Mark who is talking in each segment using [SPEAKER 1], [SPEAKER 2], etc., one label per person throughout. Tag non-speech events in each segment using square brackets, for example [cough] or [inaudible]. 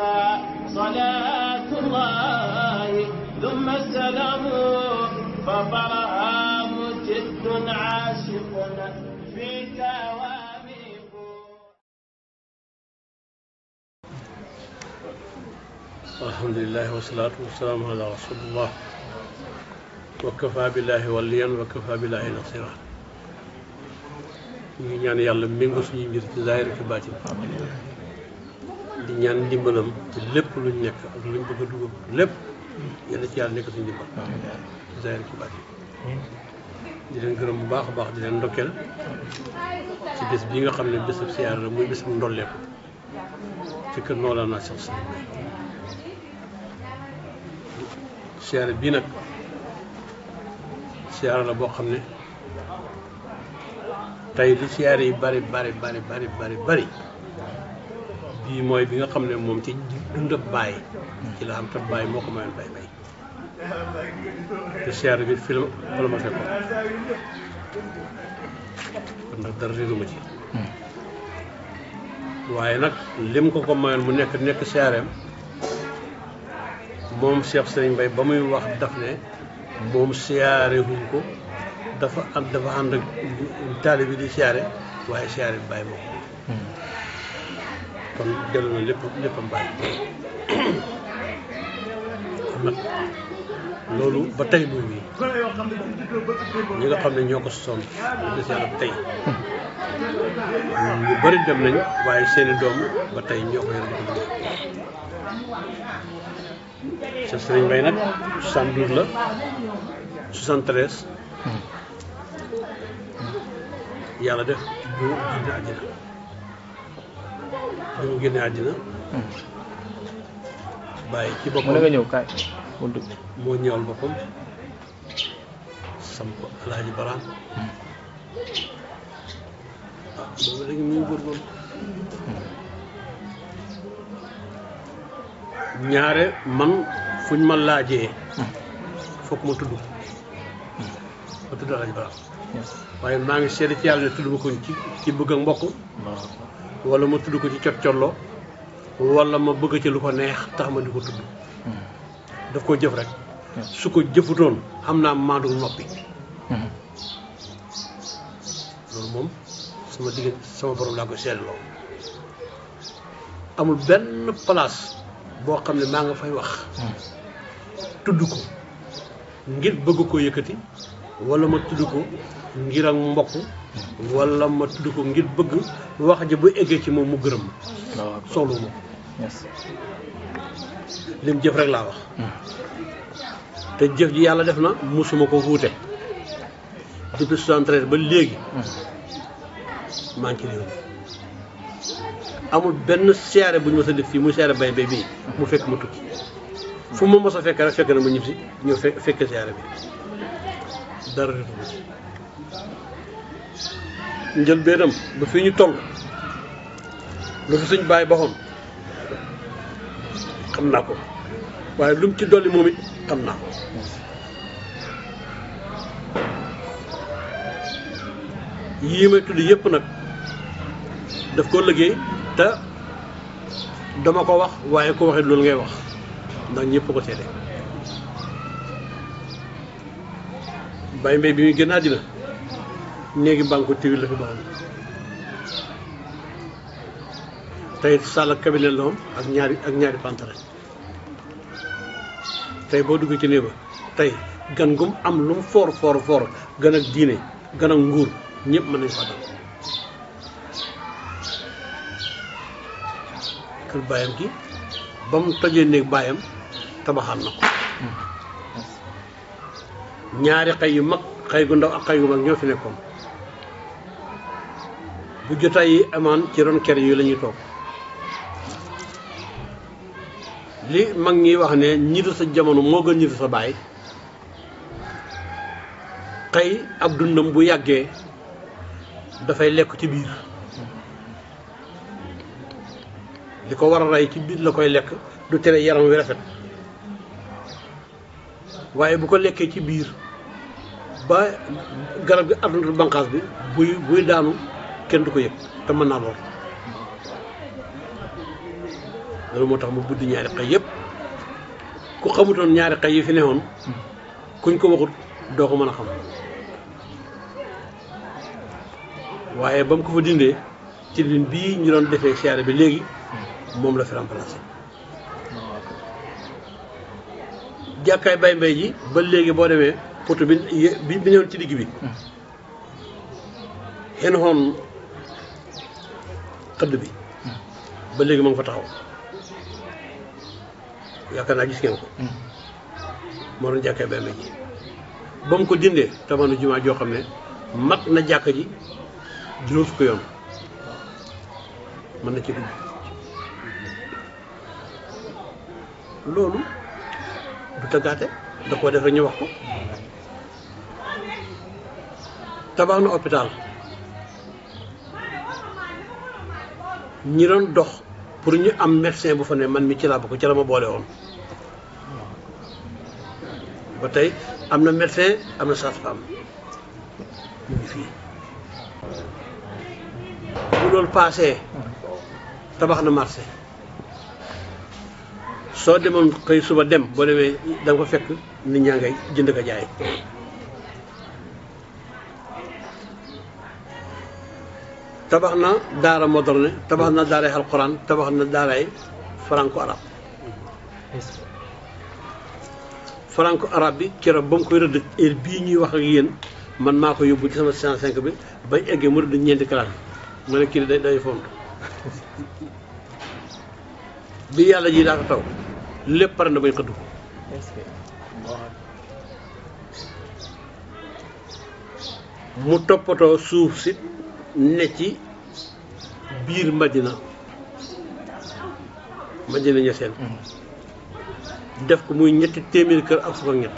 [SPEAKER 1] عليك صلاة الله ثم السلام فطرها مجد عاشق فيك واميق
[SPEAKER 2] الحمد لله والصلاة والسلام على رسول الله وكفى بالله وليا وكفى بالله نصيرا ñu ngi ñaan yàlla méngoo suñu mbir ci zaahir ak baatin di ñaan ndimbalam ci lépp luñ nekk ak luñ bëgg a dugub lépp yal na ci yàlla nekk suñu ndimbal. ko baat di leen gërëm bu baax a baax di leen ndokkeel
[SPEAKER 1] ci bés bi nga xam ne bésub siyaar la muy
[SPEAKER 2] bésub ndolleeku ci kër Mawlana si Ousmane bii nag siyaar la boo xam ne tey li siyaar yi bari bari bari bari bari bari bii mooy bi nga xam ne moom ci dundab baay ci la xam te baay moo ko mayoon bay bay
[SPEAKER 1] te seer bi film wala ma fekkoon
[SPEAKER 2] nag dara réeruma ci waaye nag lim ko ko mayoon mu nekk nekk seereem moom Cheikh Serigne Mbaye ba muy wax daf ne moom siyaare wuñ ko dafa am dafa ànd ak taalibe bi di siyaare waaye siyaare bi bàyyi moom kon dellu na lépp léppam bàyyi
[SPEAKER 1] nag loolu ba tey
[SPEAKER 2] lu nii ñi nga xam ne ñoo ko sosoon di des yàlla ba tey
[SPEAKER 1] ñu
[SPEAKER 2] bëri dem nañ waaye seeni doom ba tey ñoo ko yor di sa sëriñ Mbay nag 72 la 73 hmm. yàlla def bu àddina bi mu génnee àddina. bàyyi ci boppam mu ne nga ñëw kaay moo ñëwal boppam samp alaaji baraan hmm. ah, hmm. ñaare man fuñ ma laajee hmm. foog ma tudd ma tudd alaaji baraan waaye maa ngi seede ci yàlla ne tudd ma ko ci bëgg ak mbokk wala ma tudd ko ci cot collo ma bëgg ci lu ko neex tax ma di ko tudd hmm. daf ko jëf rek su ko jëfutoon xam naa maandu noppi hmm. loolu moom sama diggante sama borom laa ko seetloo amul benn palaas boo xam ne maa nga fay wax hmm. tudd ko ngir bëgg ko yëkkati walla ma tudd ko ngir ak mbokk wala ma tudd ko ngir bëgg wax ji bu eggee ci moom mu gërëm ma ah, soxlu ma lim jëf rek laa wax hmm. te jëf ji yàlla def na musuma ko wuute depuis ba léegi hmm. ngi ci amul benn seere bu ñu mës a def fii muy seere bay bay bii hmm. mu fekk ma tukki fu ma mës a fekk rek fekk na ma ñib si ñëw fekk seere bi dara njëlbeenam ba fi ñu tong lu fi suñ bàyyi baxoon xam naa ko waaye lu mu ci dolli moom it xam naa ko yii may tudd yëpp nag daf koo liggéey te dama ko wax waaye ko waxee loolu ngay wax ndax ñëpp ko seede bàyyi mbay bi muy gën àddina néegi banque tiwi la fi ba am tey salle ak cabinet la ak ñaari ak ñaari pantere tey boo duggee ci néeg ba tey gan gum am lu mu foor foor foor gan ak diine gën ak nguur ñëpp mën nañu fa dal kër baayam gi ba mu tojee néeg baayam tabaxal na ko hmm. ñaari xay yu mag xay gu ndaw ak xay gu mag ñoo fi nekkoon bu jotaay yi amaan ci ron kër yi la toog li mag ñi wax ne ñitu sa jamono moo gën ñitu sa baay xëy ab dundam bu yàggee dafay lekk ci biir li ko war a ci biir la koy lekk du tere yaram wi rafet waaye bu ko lekkee ci biir ba garab gi adduntu banqaas bi buy buy daanu kenn du ko yëg te mën naa lool loolu moo tax mu buddi ñaari xay yëpp ku xamutoon ñaari xay yi fi newoon kuñ ko waxut doo ko mën a xam waaye ba mu ko fa dindee ci lin bii ñu doon defee siyaare bi léegi moom la fi remplacé jàkkaay bay mbay ji ba léegi boo demee poto bi bi newoon ci digg bi hmm. xen xoon xëdd bi ba léegi ma nga fa taxaw yaakaar naa gis ngeen ko hmm. moo doon jàkkee benn ji ba mu ko dindee tamanu jumaa joo xam ne mat na jàkk ji juróom fukki yoon mën na ci dugg loolu du tëggaate da ko def ñu wax ko tabax na hôpital ñi doon dox pour ñu am médecin bu fa ne man mi ci laa bokk ci la ma boole woon ba tey am na médecin am na sage-femme mu ngi fii loolu paasee tabax na marché soo demoon koy suba dem boo demee da nga ko fekk nit ñaa ngay jënd ko jaay tabax na daara moderne tabax na daaray alquran tabax na daaray franco arab franco arabe bi cere ba mu koy rëdd heure bii ñuy wax ak yéen man maa ko yóbbu ci sama 65 bi bañ eggee mu rëdd ñeenti classe bi ma ne kii day day fond bi yàlla ji daa ko taw lépp pare na bañ ko dugg mu toppatoo suuf si ne ci biir Madina Madina Ñaseen mm-hmm. def ko muy ñetti téeméeri kër ak fukk ak ñett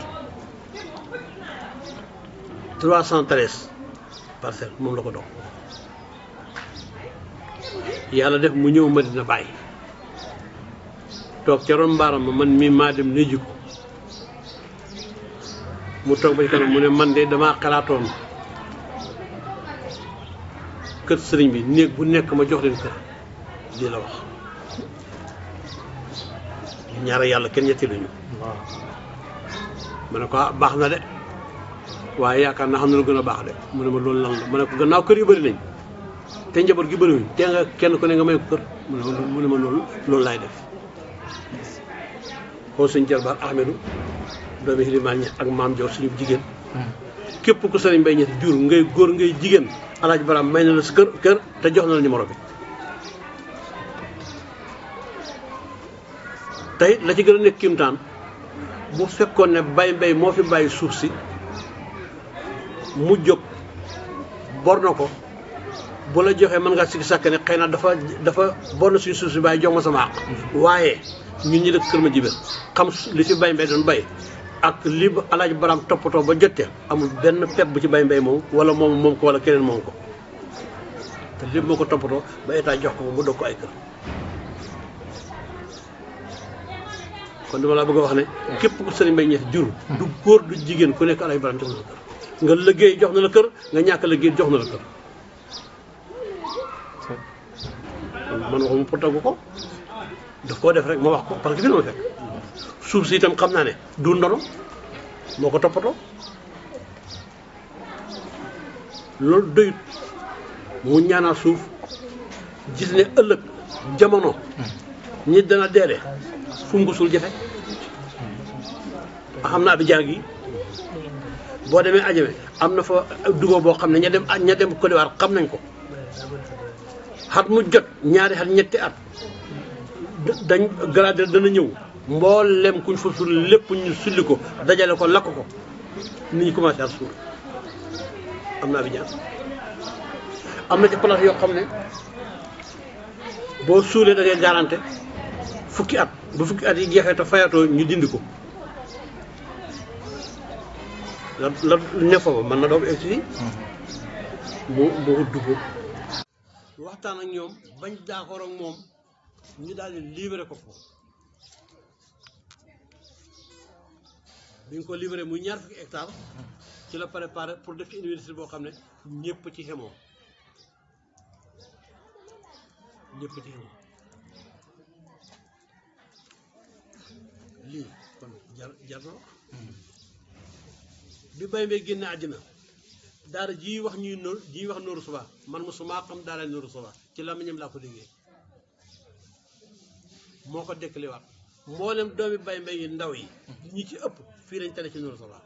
[SPEAKER 2] 313 parcelle moom la ko dox yàlla def mu ñëw Madina Baay toog ca ron mbaaram ma man mii maa dem néju ko mu toog ba ci mu ne man de damaa xalaatoon kër sëriñ bi néeg bu nekk ma jox leen kër lii la wax ñaara yàlla kenn ñetti luñu waaw ma ne ko ah baax na de waaye yaakaar naa xam ne lu gën a baax de mu ne ma loolu lan la ma kër yu bëri nañ te gi bëriwuñ te kenn ku ne nga may ko mu ne ma mu loolu laay def koo suñ jarbaar Ahmedou doomi Hilimaan ñi ak maam Dior suñu jigéen képp ku sëriñ Mbay Ñas jur ngay góor ngay jigéen alaaj baraam may na la sa kër kër te jox na la numéro bi tey la ci gën a nekk kiimtaan bu fekkoon ne bay mbay moo fi bàyyi suuf si mu jóg bor na ko bu la joxee mën ngaa sikki sàkk ne xëy na dafa dafa bor na suñu suuf si bàyyi jox ma sama àq waaye ñun ñi dëkk kër ma jibéen xam li fi bay mbay doon bay ak li alaaj baraam toppatoo ba jotee amul benn pepp bu ci bay mbay moom wala moom moom ko wala keneen moom ko te lépp moo ko toppatoo ba état jox ko mu dog ko ay kër kon dama laa bëgg a wax ne képp ku sëriñ Mbay Ñas jur du góor du jigéen ku nekk alaaj baraam jox na la kër nga liggéey jox na la kër nga ñàkk liggéey jox na la kër man waxuma pour ko daf koo def rek ma wax ko parce que fi na ma fekk suuf si itam xam naa ne du ndono moo ko toppatoo loolu doyut mu ñaanal suuf gis ne ëllëg jamono ñi dana deele fu mu jafe a xam naa bi jaag boo demee ajame am na fa dugoo boo xam ne ña dem ña dem Côte xam nañ ko xat mu jot ñaari xat ñetti at dañ gradé dana ñëw mboolem kuñ fa suul lépp ñu sulli ko dajale ko lakk ko nit ñi commencé ak suul am na Abidjan am na ci place yoo xam ne boo suulee da ngay fukki at bu fukki at yi jeexee te fayatoo ñu dindi ko la la ne foofa mën na doog egsi mu mu udd waxtaan ak ñoom bañ d'accord ak moom ñu daal di libéré ko foofu bi nga ko libéré muy ñaar fukki hectare ci la préparé pour def ci université boo xam ne ñëpp ci xemoo ñëpp ci xemoo lii kon jar jar na bi bay mee génn àddina daara ji wax ñuy noor ji wax nooru suba man ma suma xam daara nooru suba ci làmmiñam laa ko liggéey moo ko dëkkaliwaat mboolem doomi bay mbay yi ndaw yi ñi ci ëpp fii lañ tane ci Nourou Salaam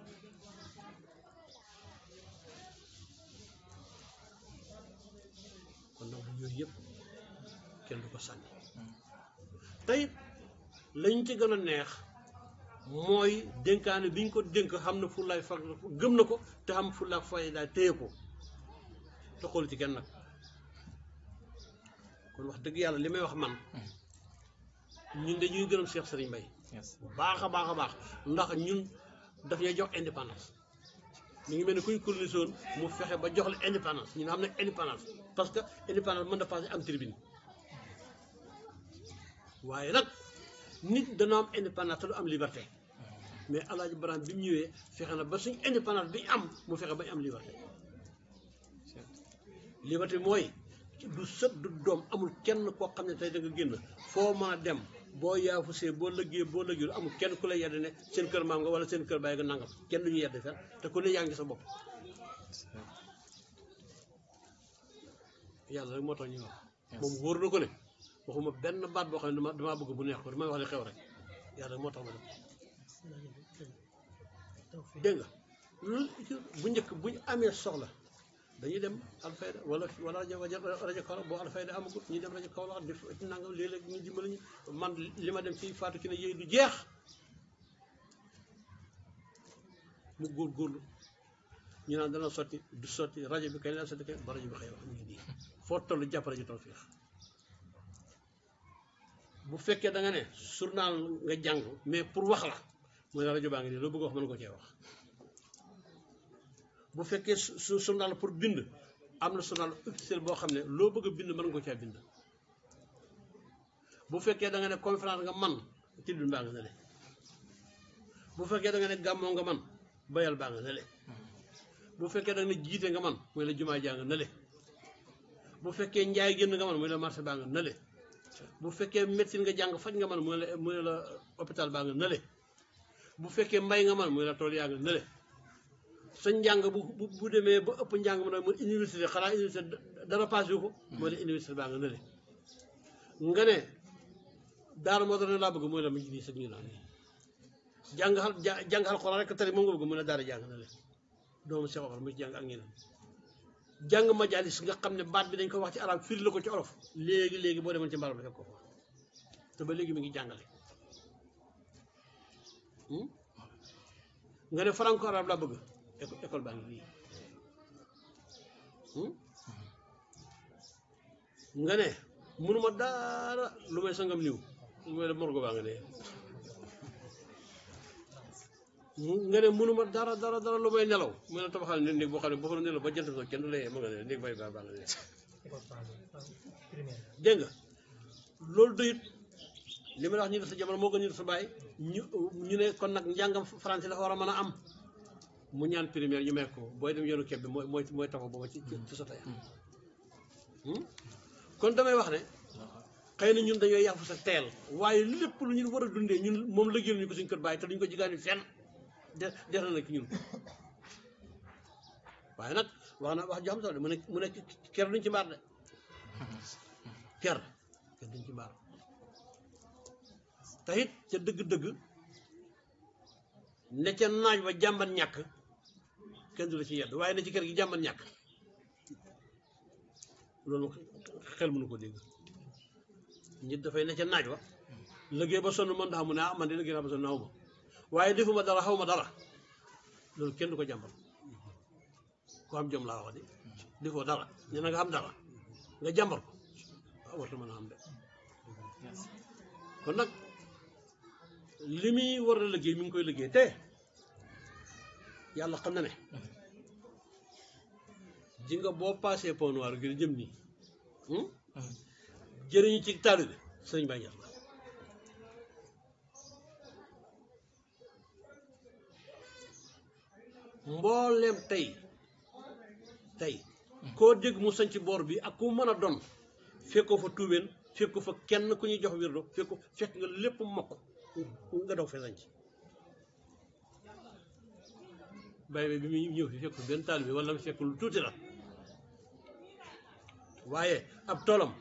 [SPEAKER 2] kon nag bu yooyu yëpp kenn du ko sànni tey lañ ci gën a neex mooy dénkaane bi ñu ko dénk xam na fu lay fag gëm na ko te xam fu laa fay daal téye ko te xool ci kenn nag kon wax dëgg yàlla li may wax man ñun dañuy gërëm Cheikh Serigne Mbaye bu baax a baax a baax ndax ñun daf ñuy jox indépendance ñu ngi mel ni kuy colonisoon mu fexe ba jox la indépendance ñu am ne indépendance parce que indépendance man na passé am tribune waaye nag nit dana am indépendance te du am liberté mais El Hadj Birame bi mu ñëwee fexe na ba suñ indépendance bi am mu fexe ba am liberté liberté mooy du sët du doom amul kenn koo xam ne tey da nga génn foo mën a dem. boo yaafusee boo lëggee boo lëggee amul kenn ku la yedd ne seen kër maam nga wala seen kër bàyyi nga nangam kenn du ñu yedd fen te ku ne ngi sa bopp yàlla rek moo tax ko waxuma benn baat boo xam ne bëgg bu neex ko damay wax xew rek yàlla moo tax ma dem dégg bu njëkk buñ ñu amee soxla dañuy dem alfayda wala wala rajo Kaolack boo alfayda amagut ñu dem rajo Kaolack def nangam léeg-léeg ñu dimbali ñu man li ma dem fii faatu ki ne yooyu du jeex mu góorgóorlu ñu naan dana sotti du sotti rajo bi kañ la sotti kañ ba rajo bi xëy wax ñu ngi nii foo toll jàpp rajo Tawfekh bu fekkee da nga ne journal nga jàng mais pour wax la mooy rajo baa ngi nii loo bëgg wax mën ko cee wax. bu fekkee su su journal pour bind am na journal officiel boo xam ne loo bëgg a bind mën nga ko caa bind bu fekkee da nga ne conférence nga man tribune baa nga ne le bu fekkee da nga ne gàmmoo nga man bayal baa nga fekkee da nga ne jiite nga man mooy la jumaa jaa nga ne bu fekkee njaay génn nga man mooy la marché baa nga ne le bu fekkee médecine nga jàng faj nga man mooy la mooy la hôpital baa nga ne bu fekkee mbay nga man mooy la tool yaa nga ne sa njàng bu bu bu demee ba ëpp njàng mu ne mu université xanaa université dara passé ko. moo ne université baa nga nële. ne daara moo doon laa bëgg mooy la mu ji nii sax ñu naan jàng xal jàng xal Alxuraan rek tari moom nga bëgg mu ne daara jàng nële doomu Cheikh Omar muy jàng ak ñeneen jàng majalis nga xam ne baat bi dañ ko wax ci arab firi la ko ci olof. léegi léegi boo demoon ci mbaram fekk ko fa te ba léegi mi ngi jàngale. Hmm? nga ne franco arabe laa bëgg. école baa ngi nii hmm? nga ne mënuma daara lu may sangam liw mooy nga ne nga ne mënuma lu may nelaw mu ne tabaxal ne néeg boo xam ne boo fa nelaw ba jant soo kenn layee ma nga ne néeg bay baa baa nga ne dégg nga loolu doyut li ma ñu def sa moo gën ñu def bàyyi ñu ñu ne kon nag njàngam français dafa war a mën a am mu ñaan primaire ñu may booy dem yoonu keb bi mooy mooy mooy taxaw booba ci ci sota hmm? kon damay wax ne xëy na ñun dañoo yàqu sa teel waaye lu lépp lu ñun war a dundee ñun moom lëggéel ñu ko suñ kër bàyyi te duñ ko jigaani fenn de def na ki ñun waaye nag wax na wax joo sax de mu ne mu nekk ker duñ ci mbaar de ker ker duñ ci mbaar te it ca dëgg-dëgg ne ca naaj wa jàmbat ñàkk kenn du ci kër gi jàmman ñàkk ko dégg dafay ne naaj wa liggéey ba sonn man ndax mu ne ah, waaye defuma dara ma dara kenn du ko jàmbat ku am jom wax de defoo dara nee na am dara nga jàmbat ko ah, warta mën a am de kon nag li muy war a liggéey mi koy liggéey te yàlla xam na ne ji nga boo paasee pont noir ngir jëm nii hmm? jëriñu ci taalu bi sëriñ Baye Niass la mboolem tey tey koo dégg mu sañ ci boor bi ak ku mën a doon fekkoo fa tuubeen fekkoo fa kenn ku ñuy jox wirdo fekko fekk nga lépp mokk nga daw fe sañ ci bay bi muy ñëw fi fekkul benn taal bi wala mu fekkul lu tuuti la waaye ab toolam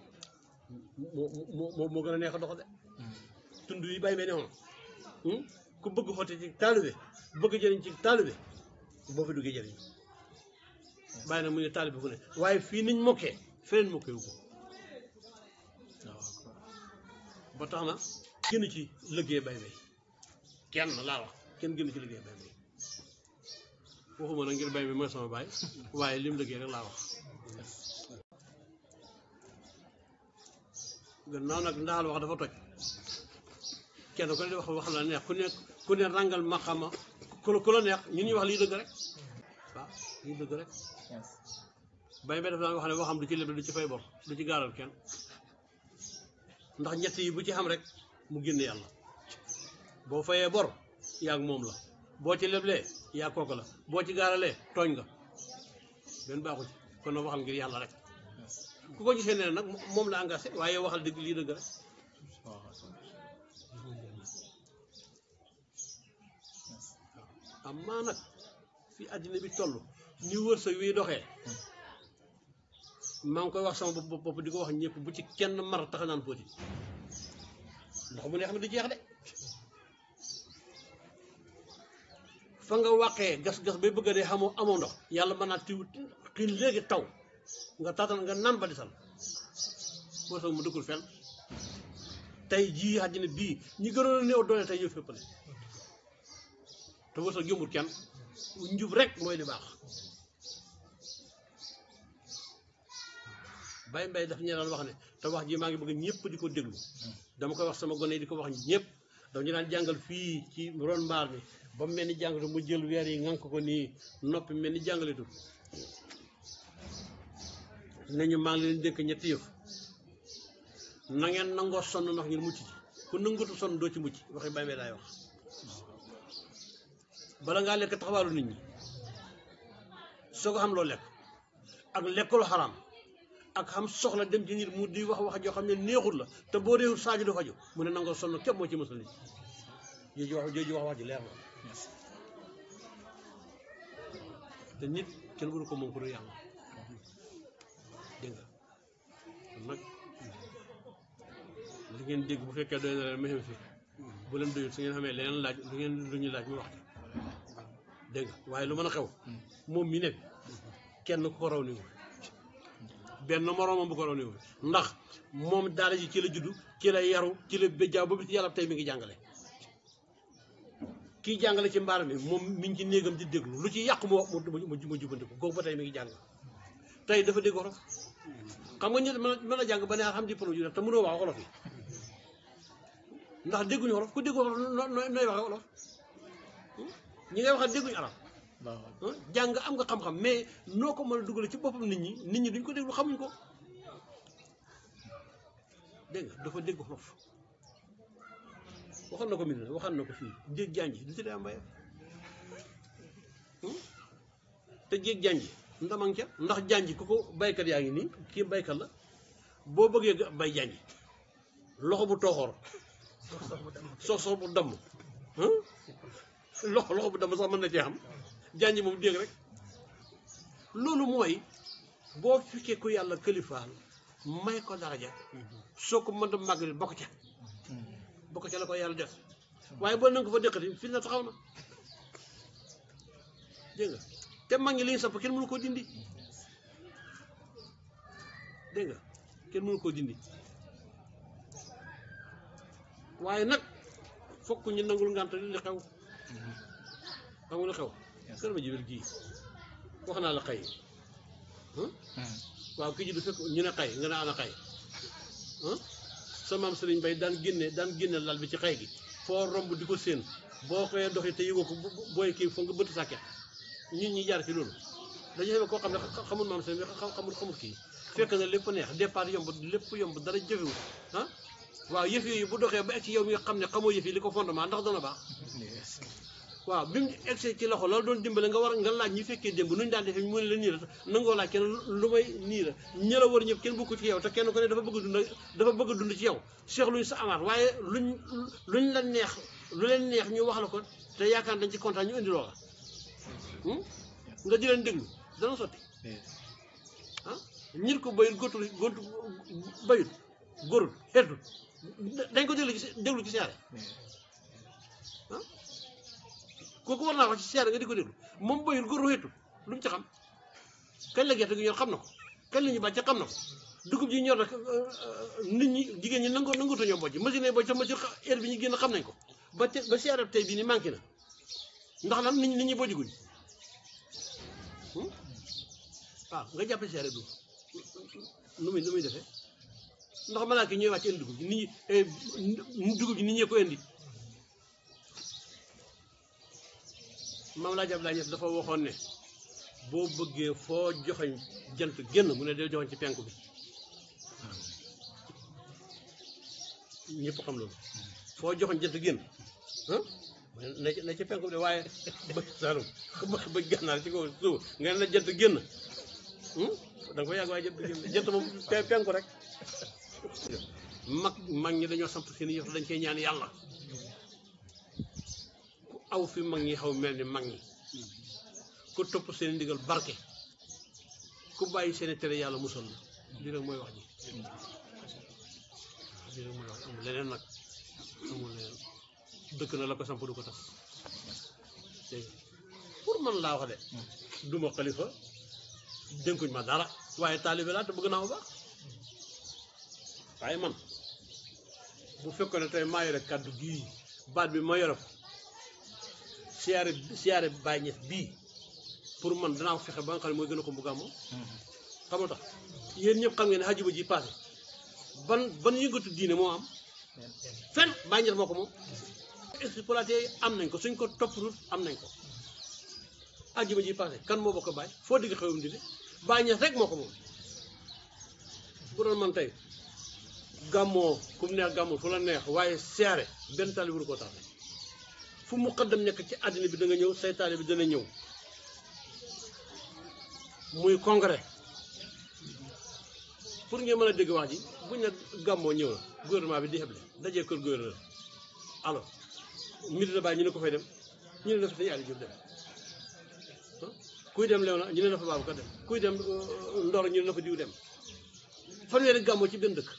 [SPEAKER 2] moo gën a neex a dox de tund yi bay bi ne hmm? ku bëgg xotti ci taalu bi bëgg jëriñ ci taalu boo fi duggee jëriñ bàyyi na mu ne taalu ku ne waaye fii niñ mokkee feneen mokkee wu ko waaw ba tax na gën ci liggéey bay bay kenn laa wax kenn gën ci liggéey bay bay waxuma na ngir bay bi mooy sama baay waaye lim liggéey rek laa wax gannaaw nag ndaxal wax dafa toj kenn ku ne wax wax la neex ku ne ku ne ràngal maqama ku la ku la neex ñu ñuy wax lii dëgg rek waaw lii dëgg rek bay bi dafa daan wax ne du ci leb du ci fay bor du ci gaaral kenn ndax ñett yi bu ci xam rek mu génn yàlla boo fayee bor yaa moom la boo ci leblee yaa kooku la boo ci gaaralee tooñ nga benn baaxu ci kon nag waxal ngir yàlla rek ku ko gisee nee nag moom la engagé waaye waxal dëgg lii dëgg rek am maa nag fi àddina bi toll ni wërsëg wiy doxee maa ngi koy wax sama bopp bopp di ko wax ñépp bu ci kenn mar tax naan pooti ndox mu neex mi du jeex de fa nga wàqee gas-gas bay bëgg a dee xamoo amoo ndox yàlla mën naa tiw xiin léegi taw nga taatan nga nàmbalisal moo tax mu dëkkul fenn tey jii àddina bii ñi gënoon a néew doole tey ñoo féppale te wërsëg yombul kenn njub rek mooy li baax bay mbay daf ñu daan wax ne te wax jii maa ngi bëgg ñëpp di ko déglu dama koy wax sama gone yi di ko wax ñëpp dama ñu daan jàngal fii ci ron mbaar mi ba mu mel ni jàngatu mu jël weer yi ngànk ko nii noppi mel ni jàngaletu nañu maa ngi leen dénk ñetti yëf nangeen nangoo sonn ndax ngeen mucc ci ku nangutu sonn doo ci mucc waxi bay laay wax ngaa lekk taxawaalu nit soo ko loo lekk ak lekk lu xaraam ak xam soxla dem ci mu di wax wax joo xam ne neexut la te boo réewul saaju du faju mu ne nangoo sonn képp moo ci mësul nit jooju wax wax wax ji leer na te nit kenn mënu ko moom ku dul yàlla dégg nga nag li ngeen dégg bu fekkee doy na leen mu fi bu leen doyul su ngeen xamee leneen laaj lu ngeen lu ñuy laaj mu wax dégg waaye lu mën a xew moom mi ne kenn ku ko raw ni benn moroomam bu ko raw ndax moom daara ji ci la juddu ci la yaru ci la béjjaaw ba bis yàlla tey mi ngi jàngale kii jàngale ci mbaar mi moom mi ngi ci néegam di déglu lu ci yàqu mu ma mu jubanti ko kooku ba tey mi ngi jàng tey dafa dégg olof xam nga nit mën a jàng ba ne alhamdulilah ju def te mënoo wax olof yi ndax dégguñu olof ku dégg olof nooy waxee olof ñi ngay waxee dégguñu arab jàng am nga xam-xam mais noo ko mën a dugale ci boppam nit ñi nit ñi duñ ko déglu xamuñ ko dégg dafa dégg olof waxoon na ko Médina waxoon na ko fii jéeg janj du tuddee am mbayam te jéeg janj ndamang ndax jànj ku ko baykat yaa ngi nii kii baykat la boo bëggee bay janj loxo bu tooxoor sox sox bu damm loxo loxo bu damm sax mën na cee xam janj moom dégg rek loolu mooy boo fekkee ku yàlla këlifaal may ko daraja soo ko mën a màggal bokk ca bokk ca la ko yàlla def waaye boo nanga ko fa dëkkati fi na taxaw na dégg nga te mag ñi li ñu sopp kenn mënu koo dindi dégg kenn mënu koo dindi waaye nag fokk ñu nangul ngànt li li xew xam xew kër ma jibel gii wax naa la xay hmm. waaw kii ji du fekk ñu ne xay nga ne ana xay hmm? sa maam Serigne Bay daan génne daan génne lal bi ci xay gi foo romb di ko séen boo koy doxi te yëgoo ko booy kii foo nga bëtt sàkket nit ñi jaar ci loolu dañu xamee koo xam ne xamul maam Serigne Bay xamul xamul kii fekk na lépp neex départ yomb lépp yomb dara jëfewul ah waaw yëf yooyu bu doxee ba egg ci yow mi nga xam ne xamoo yëf yi li ko fondement ndax dana baax waaw bi mu egsee ci loxo loolu doon dimbale nga war nga laaj ñi fekkee démb nu ñu daan defee mu ne la nii la nangoo laaj kenn lu may nii la ñi la war ñëpp kenn bokku ci yow te kenn ku ne dafa bëgg dund bëgg dund ci yow seex luñ sa amaat waaye luñ luñ la neex lu leen neex ñu wax la ko te yaakaar dañ ci kontaan ñu indi loola hmm? nga di leen déglu dana sotti ah ñit ko bayul góotul góotu bayul góorul xeetul dañ ko déglu ci déglu ci seere kooku war naa wax ci seere nga di ko déglu moom bayul góor wéetu lu mu ci xam kañ la gi ñor xam na ko kañ la ba bàcce xam na ko dugub ji ñor na euh, euh, nit ñi jigéen ñi nango nango ñoo bojj machine yi bojj sa machine heure bi ñu génn xam nañ ko ba te ba seere tey bii ni manqué na ndax lan nit ñi nit ñi bojjguñ hmm? seere du nu muy nu ndax malaaka yi ñooy wàcc dugub ji nit ñi eh, dugub ji nit indi maam laa jab laa ñes waxoon ne boo bëggee foo joxoñ jant génn mu ne dee joxoñ ci penku bi ñëpp xam loolu foo joxoñ génn ah, na ci na de waaye [laughs] bëj saalum bëj gànnaar ci génn hmm, da nga yàgg waaye jant penku rek [laughs] mag mag ñi dañoo samp seen yëf dañ koy ñaan yàlla aw fi mag ñi xaw mel ni mag ñi hmm. ku topp seen ndigal barke ku bàyyi seen tere yàlla musal la lii rek mooy wax ji leneen nag amul leneen dëkk na la ko samp du ko tas pour man laa wax de hmm. duma xalifa dénkuñ ma dara waaye taalibe laa te bëgg naa bu baax waaye man bu fekkoon ne tey maa yore kàddu gii baat bi ma yore siyaare siyaare Baay Ñas bii pour man danaa fexe ba xam ne mooy gën a ko bu gàmmu xamoo tax yéen ñëpp xam ngeen ne àjjuma ji passé ban ban yëngatu diine moo am fenn Baay Ñas moo ko moom mm-hmm. exploité am nañ ko suñ topp am nañ ko àjjuma ji passé kan moo bokk Baay foo digg xewam dine rek moo ko moom man tey gàmmoo ku mu neex gàmmoo fu la neex waaye siyaare benn tali wuru koo tax fu muqaddam nekk ci àddina bi da ñëw seytaane bi dana ñëw muy congrès pour ngeen mën a dégg wax ji buñ ne gàmmoo ñëw na gouvernement bi di xeble dajee kër gouverneur alors mbir ñu ne ko fay dem ne fa tey Aliou Diop dem kuy dem lew na ñu ne na fa Babacar dem kuy dem euh, Ndor ñu ne na fa diw dem fanweeri gàmmoo ci benn dëkk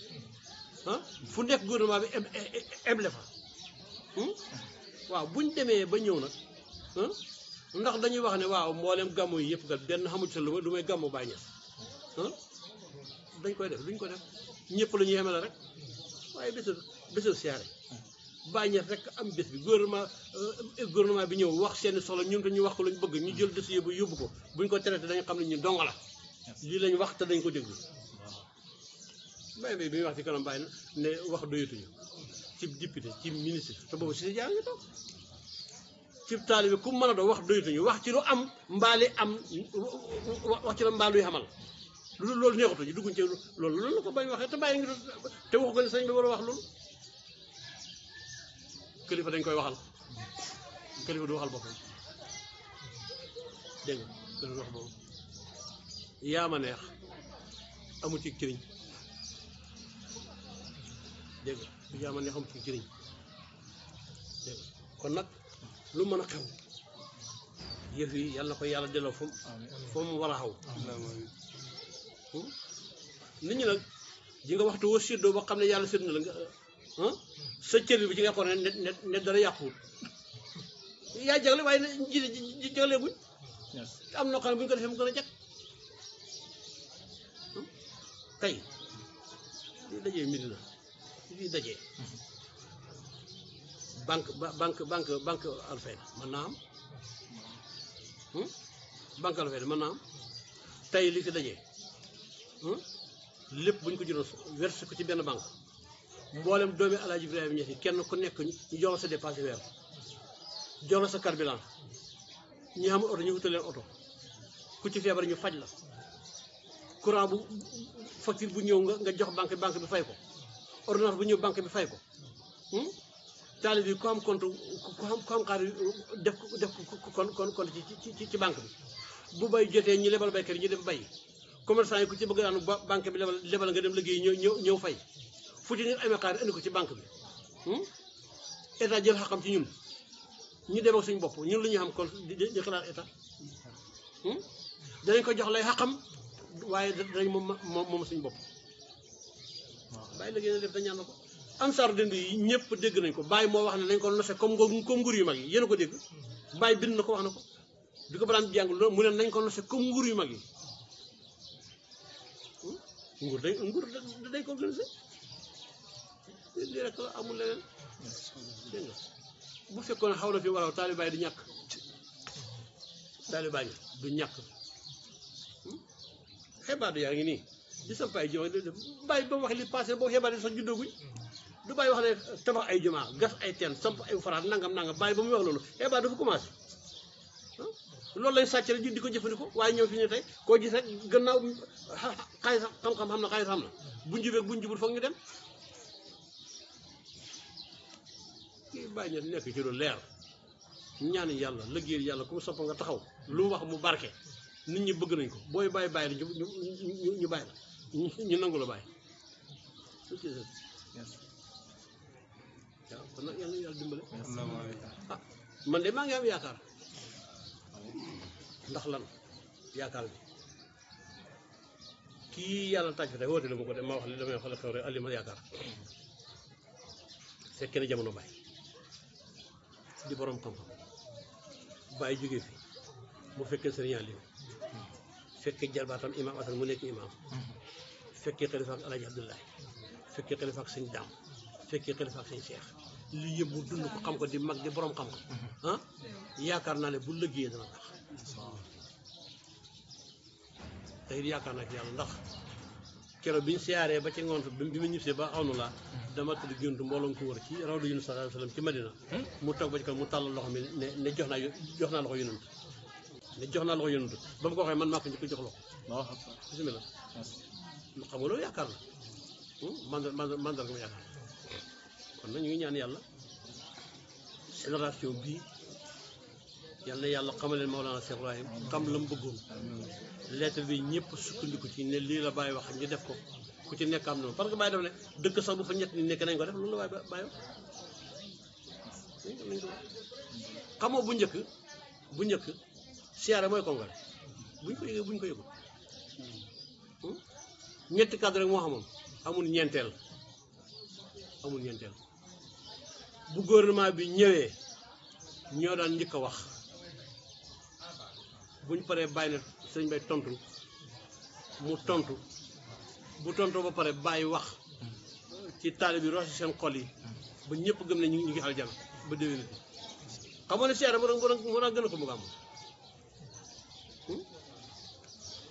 [SPEAKER 2] ah fu nekk gouvernement bi eble fa waaw bu ñu demee ba ñëw nag ndax dañuy wax ne waaw mbooleem gàmmu yi yëpp benn xamut sa lu may lu gàmmu bàyyi dañ koy def duñ ko def ñëpp la ñuy yemale rek waaye bésu bésu siyaare bàyyi rek am bés bi gouvernement euh, gouvernement bi ñëw wax seen solo ñun ñu wax ko ñu bëgg ñu jël dossier bu yóbbu ko buñ ko traité dañu xam ne ñu donga la lii lañ wax te dañ ko déglu mbay bi bi muy wax ci kanam bàyyi ne wax doyatuñu ci député cib ministre te boobu si si jaar nga toog cib taalibe ku mën a doon wax doyutuñu wax ci lu am mbaali am wax ci la mbaal yi xamal lu loolu neexatuñu dugguñ ci loolu loolu la ko bañ waxee te bàyyi ngi te waxu war a wax loolu kilifa dañ koy waxal kilifa du waxal boppam dégg nga ci kiriñ su jaaman yoo xam kon nag lu mën a xew yëf yi yàlla ko yàlla delloo fu fu hmm? nit ñi nag ji nga waxtu woo séddoo ba xam ne yàlla sédd la nga ah? sa cër bi ci nga xool ne ne dara yàquwut yaa jagle waaye ji jagle buñ te am na xam ne bu ñu ko defee mu gën a jag hmm? kay lii dajee mbir la di dajee banque banque banque banque Alfayda mën naa am hmm? banque Alfayda mën naa am tey li ci hmm? lépp bu ñu ko juróom verse ko ci benn banque mboolem doomi Alaaji Ibrahima Ñas kenn ku nekk ñu jox la sa dépense weer jox la sa carburant ñi am oto ñu utaleen oto ku ci feebar ñu faj la courant bu facture bu ñëw nga nga jox banque banque bi fay ko ordonnance bu ñëw banque bi fay ko hmm? taalib bi ku am compte ku am ku am xaalis def def kon kon kon ci ci banque bi bu bay jotee ñu lebal baykat yi ñu dem bay commerçant yi ku ci bëgg daanu banque bi lebal lebal nga dem liggéey ñëw ñëw ñëw fay fu ci nit amee xaalis indi ko ci banque bi hmm? état jël ci ñun ñu dem ak suñu bopp ñun lu ñu xam kon di xalaat état hmm? danañ ko jox lay xaqam waaye danañ moom moom suñu bopp bàyyi la gën a def dañu ñaan ko ansaaru dënd yi ñëpp dégg nañ ko bàyyi moo wax ne nañ ko nose comme ngoo comme nguur yu mag yi yéen a ko dégg bàyyi bind na ko wax na ko di ko baraam jàng loolu mu ne nañ ko nose comme nguur yu mag yi hmm? nguur ko amul leneen dégg nga bu fekkoon xaw na fi walaw taalibaay du ñàkk taalibaay du ñàkk xibaar yaa ngi nii li sama ay jiw bàyyi ba wax li passé boo xeebalee sax juddooguñ du bàyyi wax ne tabax ay jumaa gas ay teen samp ay faraat nangam nangam bàyyi ba muy wax loolu xeebaa dafa commencé loolu lay sàcc rek di ko jëfandikoo waaye ñoom fi ñu tey koo gis rek gannaaw xaalis xam-xam xam na xaalis xam na buñ jubee buñ jubul foog ngi dem kii bàyyi na nekk ci lu leer ñaan yàlla liggéeyal yàlla ku mu nga taxaw lu wax mu barke nit ñi bëgg nañ ko booy ñu ñu ñu nangu la bàyyi ah man de maa ngi am yaakaar ndax lan yaakaar bi kii yàlla tàgg tey woote la ma ko de ma wax li damay wax la xew rek alima yaakaar fekk na jamono bàyyi di borom xam-xam bàyyi jógee fi mu fekkee sëriñ Aliou fekkee jarbaatam imaam Asan mu nekk imaam fekkee xalifa ak alaji fekkee xalifa ak sëñ daam fekkee xalifa ak lii dund ko xam ko di mag di borom xam ko ah yaakaar naa ne bu lëggee dana tax te it yaakaar naa ndax keroog bi ñu siyaaree ba ci ngoon bi ma ñibbisee ba aw na laa dama tëdd géntu mbooloo ko wër ci rawdu yu sallallahu alayhi wasallam ci Madina hmm? mu toog ba ci mu tàllal loxo mi ne jox naa jox naa loxo ne jox naa loxo yonantu ba mu ko waxee man maa ko njëkk jox loxo waaw bisimilah xam nga loolu yaakaar la hmm? mandal mandal mandal nga ma yaakaar kon nag ñu ngi ñaan yàlla génération bii yal na yàlla xamaleen Maolana Cheikh Ibrahim xam la mu bëggoon lettre bi ñëpp sukkandiku ci ne lii la bàyyi wax ñu def ko ku ci nekk am na parce que bàyyi def ne dëkk sax bu fa ñett ni nekk nañ ko def loolu la bàyyi bàyyi xamoo bu njëkk bu njëkk siyaara mooy congrès buñ ko yëgee buñ ko yëgul hmm? ñetti kàddu rek moo xamoon amul ñeenteel amul ñeenteel bu gouvernement bi ñëwee ñoo daan njëkk a wax buñ paree bàyyi na sëñ bay tontu mu tontu bu tontoo ba pare bàyyi wax ci taali bi rosi seen xol yi ba ñëpp gën ne ñu ngi ñu ngi aljana ba déwénati xam nga ne siyaara moo doon moo doon gën a ko mu gàmm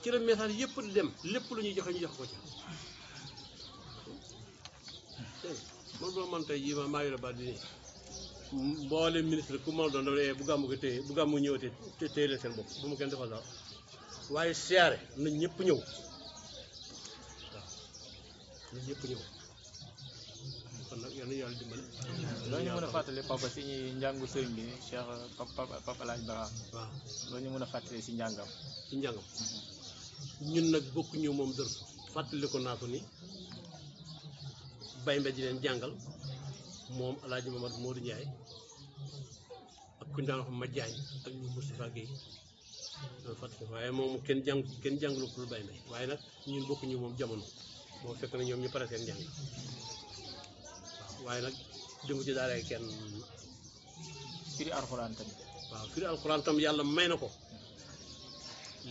[SPEAKER 2] ci la message yëpp di dem lépp lu ñuy joxe ñu jox ko ci man boo man tey jii ma maa yore ba di nii mboolem ministre ku ma bu gàmmu ko téye bu gàmmu ñëwatee te téye leen seen bopp bu mu kenn defal daal waaye siyaare nañ ñëpp ñëw waaw ñëw kon nag yal na yàlla dimbali.
[SPEAKER 1] mën a fàttali papa
[SPEAKER 2] si njàngu sëriñ bi Cheikh Papa Papa El Hadj Bara. waaw loo ñu mën a fàttali si njàngam. si njàngam. Hmm. ñun nag bokkuñu moom dër fàttaliku naa ko ni bay mbe ji leen jàngal moom alaaji Mamad Modou Ndiaye ak ku ñu daan wax ma jaañ ak ñu Moustapha Guèye loolu fàttaliku waaye moom kenn jàng kenn jàngalu pour bay mbe waaye nag ñun bokkuñu moom jamono moo fekk na ñoom ñu pare seen njàng waaye nag demu ci daara kenn firi alxuraan tam waaw firi alxuraan tam yàlla may na ko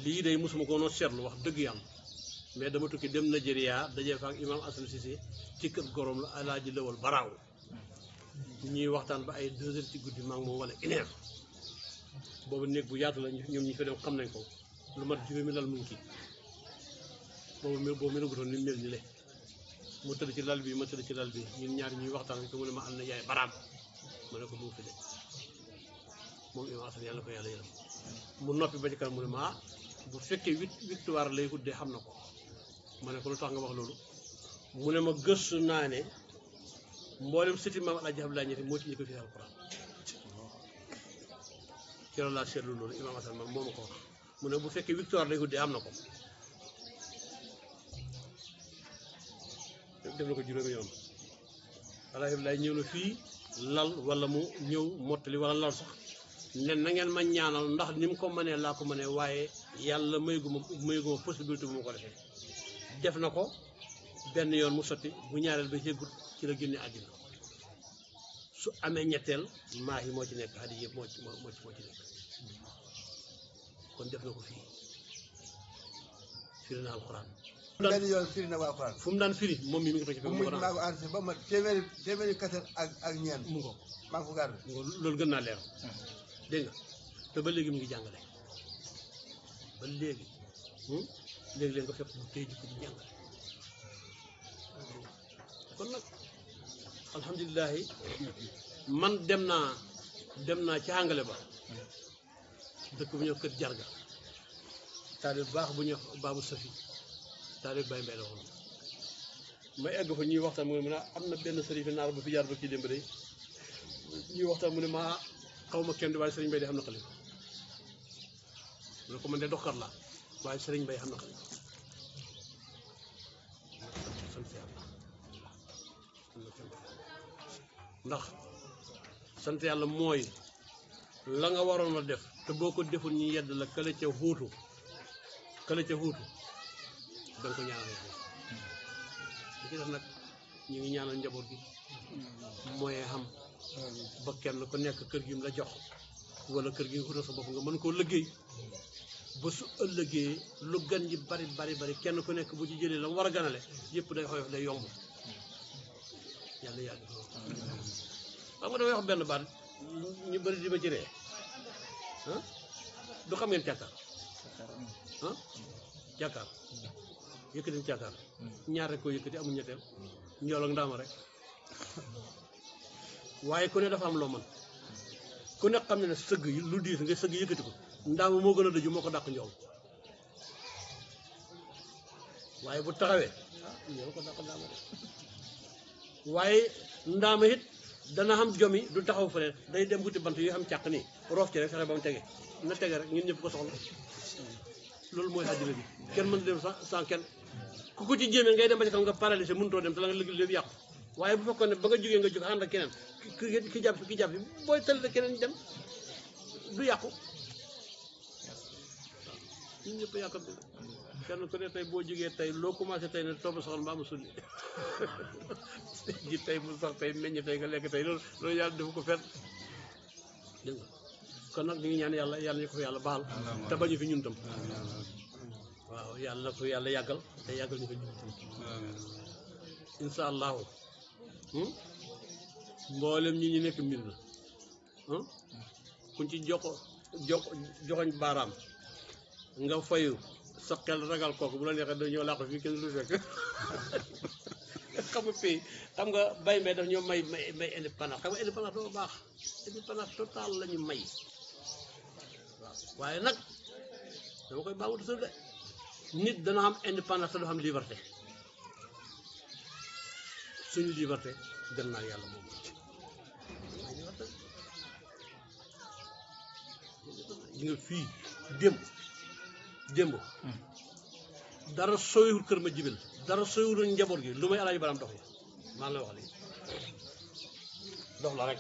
[SPEAKER 2] lii day mosuma ko noonu lu wax dëgg yàlla mais dama tukki dem Nigeria dajee fa ak imam Assane Cissé ci kër gorom la alaaji lawal baraaw ñuy waxtaan ba ay deux ci guddi maa ngi moom wala une boobu néeg bu yaatu la ñoom ñu fa dem xam nañ ko lu mat juróomi lal mu ngi ci boobu mi boobu mi nagutoon ni mel ni le mu tëdd ci lal bi ma tëdd ci lal bi ñun ñaar ñuy waxtaan ko mu ne ma am na yaay baraam ma ne ko mu ngi fi de moom imam Assane yàlla ko yàlla bu fekkee huit victoire lay guddee xam na ko ma ne ko lu tax nga wax loolu mu ne ma gëstu naa ne mboolem sëti maam Alaaji Abdoulaye Niass ma moo ma ko mu bu fekkee victoire lay am na ko ko juróomi ñëw na fii lal wala mu ñëw mottali wala lal sax ne na ma ñaanal ndax ni mu ko mënee laa ko mënee waaye yàlla mayuguma mayuguma possibilité bu ma ko defee def na ko benn yoon mu sotti bu ñaareel ba yëggut ci la génne àddina su amee ñetteel maa yi moo ci nekk xaddi yëpp moo ci nekk kon def na ko fii firi na alxuraan benn yoon firi na mu daan firi moom mi ngi ko ci fekk mu ko maa ko enregistré ba ma téeméeri ak ak ñeent mu ngo loolu gën naa leer dégg te ba léegi mu ngi jàngale ba léegi hmm? léegi-léeg nga fekk man dem naa dem naa ci àngale ba dëkk bu ñëw kër jarga taalib baax bu ñëw baabu safi taalib bay mbay la woon ma egg fa ñuy waxtaan mu ne ma am na benn sëriñ fi naar bu fi jaar ba kii démb de ñuy waxtaan mu ne ma xaw ma kenn di waaye sëriñ bay de am na xalifa mu ne ko man de doxkat la waaye sëriñ bay xam na xam ndax sant yàlla mooy la nga waroon a def te boo ko deful ñu yedd la kële ca xuutu kële danga ko ñaanal nag ñu ngi ñaanal njaboot bi mooy xam ba kenn ku nekk kër gi mu la jox wala kër gi nga xutal sa bopp nga mën koo liggéey ba su ëllëgee lu gan yi bari bari bari kenn ku nekk bu ci jëlee la war a ganale yëpp day xoyof day yomb yàlla yàgg xam nga damay wax benn baat ñu bari di ma ci ree du xam ngeen càkkaar ah càkkaar yëkkati càkkaar ñaar rek koo yëkkati amul ñetteel njool ak ndaama rek waaye ku ne dafa am loo mën ku ne xam ne ne sëgg lu diis nga sëgg yëkkati ko ndaama moo gën a dëju moo ko daq njool waaye bu taxawee ah ñoo ko dana xam jom yi du taxaw feneen day dem guti bant yu xam càq ni roof ci rek fexe ba mu tege na tege rek ñun ñëpp ko soxla loolu mooy àddina bi kenn mën a dem sans kenn ku ko ci jéemee ngay dem ba ci xam nga paralysé mënutoo dem te la nga liggéey lépp yàqu waaye bu fekkoon ne ba nga jógee nga jóg ànd ak keneen ki jàpp ki jàpp booy tëll la keneen dem du yàqu ñun ñëpp yàkkamti kenn ku ne tey boo jógee tey loo commencé tey ne topp soxal mbaa mu sulli [laughs] ji tey mu sax tey meññ tey nga lekk tey loolu loolu yàlla def ko fet dégg nga ñu ngi ñaan yàlla yàlla ñu ko fi yàlla baal te bañu ñun tam waaw na ko yàlla yàggal te yàggal ñu allahu hmm? mboolem ñi ñu nekk mbir na hmm? kuñ ci joxo joxoñ baaraam nga fayu sa ragal kooku bu la neexee dañoo làqu fii kenn du fekk xam nga fii xam nga bay may daf ñoo may may may indépendance xam nga indépendance dafa baax indépendance may waaye nag dama koy baaxut sa de nit dana am indépendance te doo am liberté suñu liberté gën naa yàlla moom li nga fii démb démb hmm. dara sooyul kër ma jibil dara sooyul njaboot gi lu may alaaji baraam dox la maa la wax lii dox la rek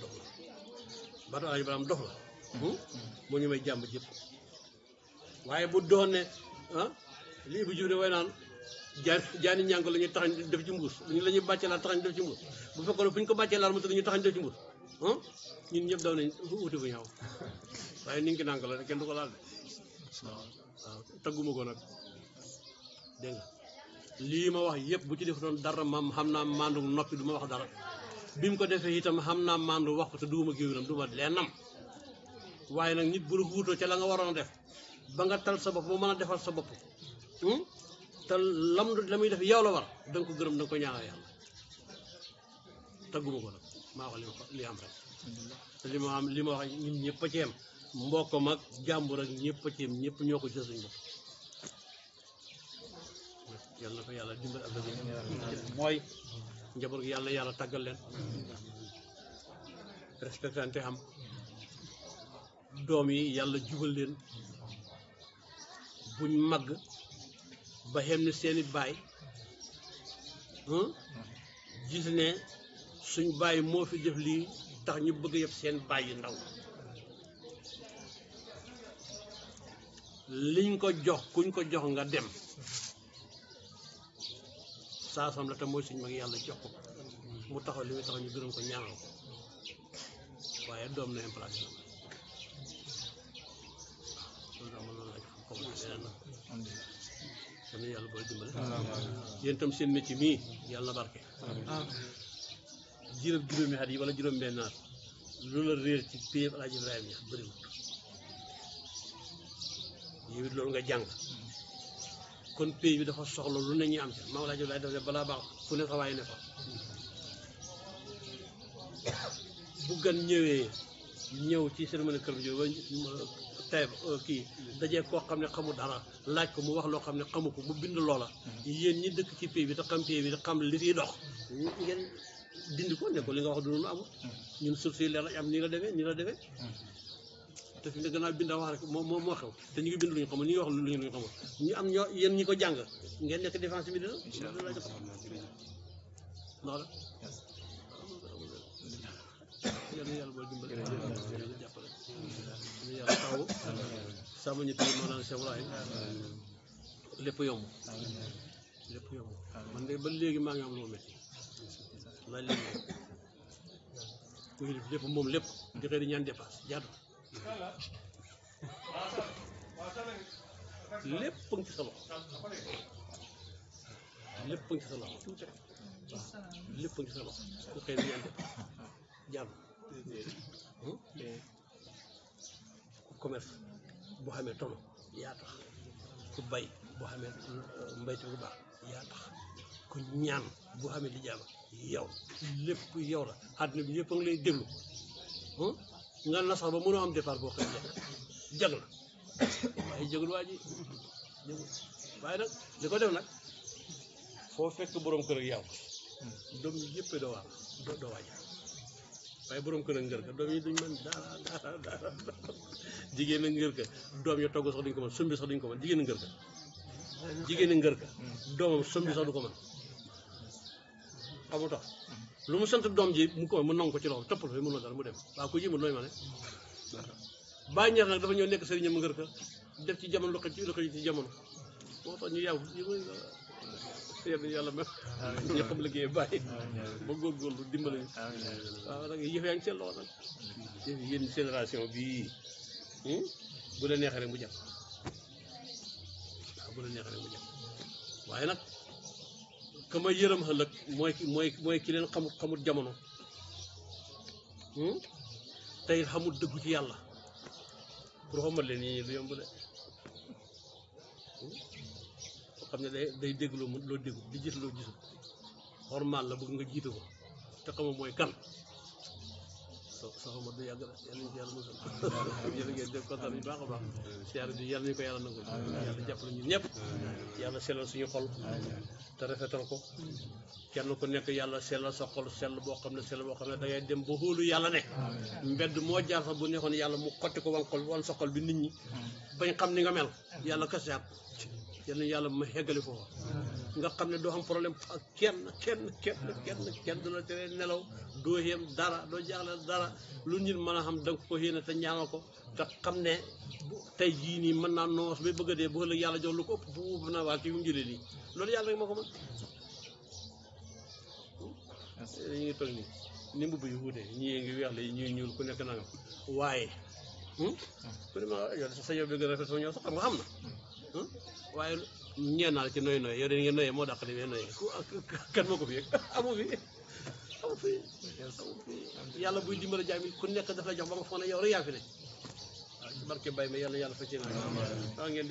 [SPEAKER 2] dox la baatu alaaji baraam dox hmm? waaye bu doon ne ah lii bu jib ne way naan jaan jaani ñànk la ñuy taxañ def ci mbuus lu ñu la ñuy bàccee laal taxañ def ci mbuus bu fekkoon fu ñu ko bàccee laal mu te ñu taxañ def ci mbuus ñun ñëpp daw nañ wuti bu ñaaw waaye ni nga ko nànkal kenn du ko laal de waaw waaw ko nag dégg nga lii ma wax yëpp bu ci def doon dara mam xam naa maandu noppi duma wax dara bi mu ko defee itam xam naa maandu wax ko te duuma géwélam du ma lennam waaye nag nit bu la wuutoo ca la nga waroon def ba nga tal sa bopp ba mën defal sa bopp te la muy def yow la war da ko gërëm da ko ñaanal yàlla tagguma ko nag maa wax li am rek te li ma am li ma wax ñun ñëpp a mbokk mag jàmbur ak ñëpp a ci ñëpp ñoo ko jësuñ bopp yàlla na ko yàlla dimbal ak mooy njaboot yàlla yàlla tàggal leen respectante xam doom yi yàlla jubal leen buñ màgg ba xem ni seeni baay hmm? gis ne suñ bàyyi moo fi def lii tax ñu bëgg yëpp seen bàyyi ndaw liñ ko jox kuñ ko jox nga dem saasam la te mooy suñ mag yàlla jox ko mu taxaw li muy taxaw ñu gërëm ko ñaanal ko waaye doom na implacé loolu dama yàlla booy dimbale yéen itam seen métier mii yàlla barke jiirab juróomi at yi wala juróom-benn at loolu la réer ci péeb Alaaji Ibrahima Ñas bëriwul yow it loolu nga jàng kon pays bi dafa soxla lu ne ñuy am ci maam Alaaji Ibrahima daf ne balaa baax fu ne fa waaye bu gan ñëwee ñëw ci cérémonie kër jo ba tay euh, kii dajee koo xam ne xamu dara laaj ko mu wax loo xam ne xamu ko mu bind loola hmm. yéen ñi dëkk ci pays bi te xam pays bi te xam li fiy dox dindi ko ne li nga wax du loolu amul. Hmm. ñun source leer lañ am nii la demee nii la demee. Hmm. te fi mu ne gannaaw bind wax rek moo moo moo xew te ñu ngi bind lu ñu xamul ñu ngi ñu xamul ñu am ñoo yéen ñi ko jàng ngeen nekk défense bi dina. incha allah noonu la. yàlla yàlla boo dimbali yàlla jàppale yàlla ñu tey lépp yomb lépp yomb man ba léegi maa ngi am loolu ma métti loolu la ku fi lépp moom lépp di xëy ñaan dépense jaadu lépp a ngi ci sa loxo lépp a ngi ci sa loxo tuuti lépp di ñaan dépense jaadu ku commerce boo xamee tono yaa tax ku bay boo xamee mbay te bu yaa tax ku ñaan boo xamee li yow lépp yow la àdduna bi ñëpp a ngi lay déglu nga na ba mënoo am départ boo koy jag jag la waaye jagul waa ji waaye nag li ko def nag foo fekk borom kër ak yow doom yi yëpp doo waa doo waa ji waaye borom kër ak ngër ka doom yi duñ mën dara dara dara jigéen ngër ka doom yi togg sax duñ ko mën sumbi sax duñ ko mën jigéen ak ngër ka jigéen ngër ka doomam sumbi sax du ko mën xam nga tax lu mu sant doom ji mu ko mu nangu ko ci loxo toppal fa mu noonu dara mu dem waaw ku yimul nooy ma ne bàyyi ñeex nag dafa ñëw nekk sëriñam ngër ka def ci jamono loxo ci loxo ci jamono moo tax ñu yàgg yéen yàlla ma ñu xam liggéey bàyyi ba góorgóorlu dimbali waaw nag yëf yaa ngi seen loxo nag yéen génération bii hmm? bu la neexee rek mu jàpp waaw bu la neexee rek mu jàpp waaye nag ka ma yërëm xëlëg mooy mooy mooy ki leen xamut xamut jamono hmm? tey xamut dëggu ci yàlla pour xamal leen yii du yomb de hmm? xam ne day day dégg loo loo déggu di gis loo gisul xormaal la bëgg nga jiitu ko te xamul mooy kan soxna Modou yàgg na yàlla nañu ci a ngi def bi yàlla nañu ko yàlla na yàlla jàppale ñun ñëpp yàlla sellal suñu xol te rafetal ko kenn ku nekk yàlla sellal sa xol sell boo xam ne sell boo xam ne da ngay dem ba xóolu yàlla ne mbedd moo jaar sax bu nekkoon yàlla mu xotti ko wan xol wan bi nit ñi bañ xam ni nga mel yàlla kasaat yal yàlla ma xeggale foofa nga xam ne doo am problème ak kenn kenn kenn kenn kenn du la teree nelaw doo yem dara doo jaaxle dara lu nit man a xam da nga ko yéene te ñaanal ko te xam ne tey jii nii mën naa noos ba bëgg a dee bu ëllëg yàlla jox ko ëpp bu ëpp na waa kii mu jëlee lii loolu yàlla rek moo ko mën. Eh, ñu ngi toog mbubb yi wuute ñii ngi weex la ñuy ñuul ku nekk nangam waaye. Hmm? Hmm. ku ne ma yow sa yow bi gën a rafet sama ñëw sax xam nga xam na hmm. waaye. ñeen naa ci noy noy yow dañu noyee moo dàq li ngeen noyee kan moo ko fi yëg [laughs] amu fi yàlla buy dimbali jaam yi ku nekk dafa la jox ba nga foog ne yow rek yaa barke Baye ma yàlla yàlla fa ci naa ngeen